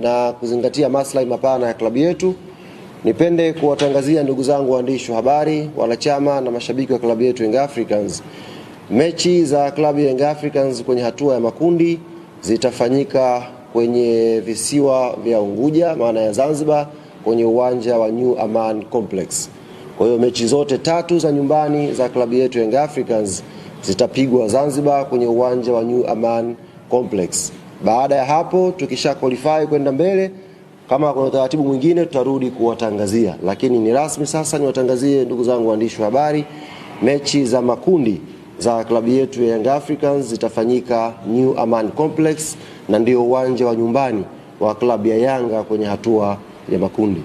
na kuzingatia maslahi mapana ya klabu yetu. Nipende kuwatangazia ndugu zangu waandishi wa habari, wanachama na mashabiki wa klabu yetu Young Africans, mechi za klabu ya Young Africans kwenye hatua ya makundi zitafanyika kwenye visiwa vya Unguja, maana ya Zanzibar, kwenye uwanja wa New Aman Complex. Kwa hiyo mechi zote tatu za nyumbani za klabu yetu Young Africans zitapigwa Zanzibar kwenye uwanja wa New Aman Complex. Baada ya hapo tukisha qualify kwenda mbele, kama kuna utaratibu mwingine tutarudi kuwatangazia, lakini ni rasmi sasa. Niwatangazie ndugu zangu waandishi wa habari, mechi za makundi za klabu yetu ya Young Africans zitafanyika New Aman Complex na ndio uwanja wa nyumbani wa klabu ya Yanga kwenye hatua ya makundi.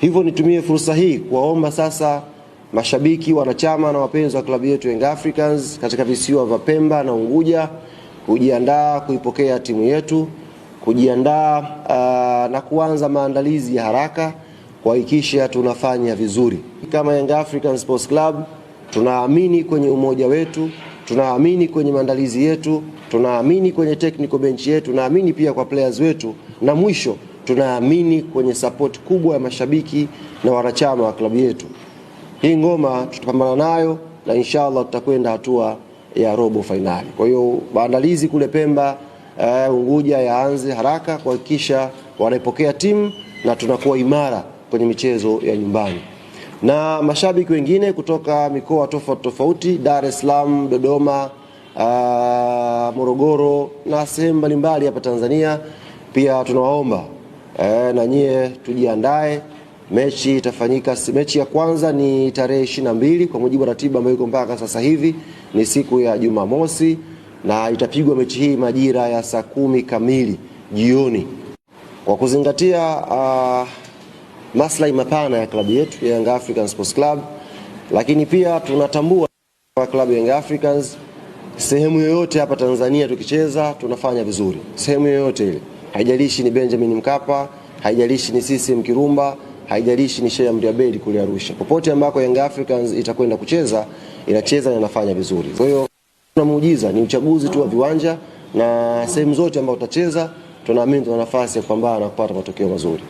Hivyo nitumie fursa hii kuwaomba sasa mashabiki, wanachama na wapenzi wa klabu yetu Young Africans katika visiwa vya Pemba na Unguja kujiandaa kuipokea timu yetu, kujiandaa uh, na kuanza maandalizi ya haraka kuhakikisha tunafanya vizuri kama Young African Sports Club. Tunaamini kwenye umoja wetu, tunaamini kwenye maandalizi yetu, tunaamini kwenye technical bench yetu, tunaamini pia kwa players wetu, na mwisho tunaamini kwenye support kubwa ya mashabiki na wanachama wa klabu yetu. Hii ngoma tutapambana nayo na inshallah tutakwenda hatua ya robo fainali. Kwa hiyo maandalizi kule Pemba uh, Unguja yaanze haraka kuhakikisha wanaipokea timu na tunakuwa imara kwenye michezo ya nyumbani. Na mashabiki wengine kutoka mikoa tofauti tofauti, Dar es Salaam, Dodoma, uh, Morogoro na sehemu mbalimbali hapa Tanzania, pia tunawaomba uh, na nyie tujiandae Mechi itafanyika, mechi ya kwanza ni tarehe ishirini na mbili kwa mujibu wa ratiba ambayo iko mpaka sasa hivi, ni siku ya Jumamosi na itapigwa mechi hii majira ya saa kumi kamili jioni. Kwa kuzingatia uh, maslahi mapana ya klabu yetu ya Young Africans Sports Club, lakini pia tunatambua klabu ya Young Africans sehemu yoyote hapa Tanzania tukicheza tunafanya vizuri, sehemu yoyote ile, haijalishi ni Benjamin Mkapa, haijalishi ni CCM Kirumba haijalishi ni Sheikh Amri Abeid kule Arusha, popote ambako Young Africans itakwenda kucheza inacheza na inafanya vizuri. Kwa hiyo tuna muujiza, ni uchaguzi tu wa viwanja na sehemu zote ambazo tutacheza, tunaamini tuna nafasi ya kupambana na kupata matokeo mazuri.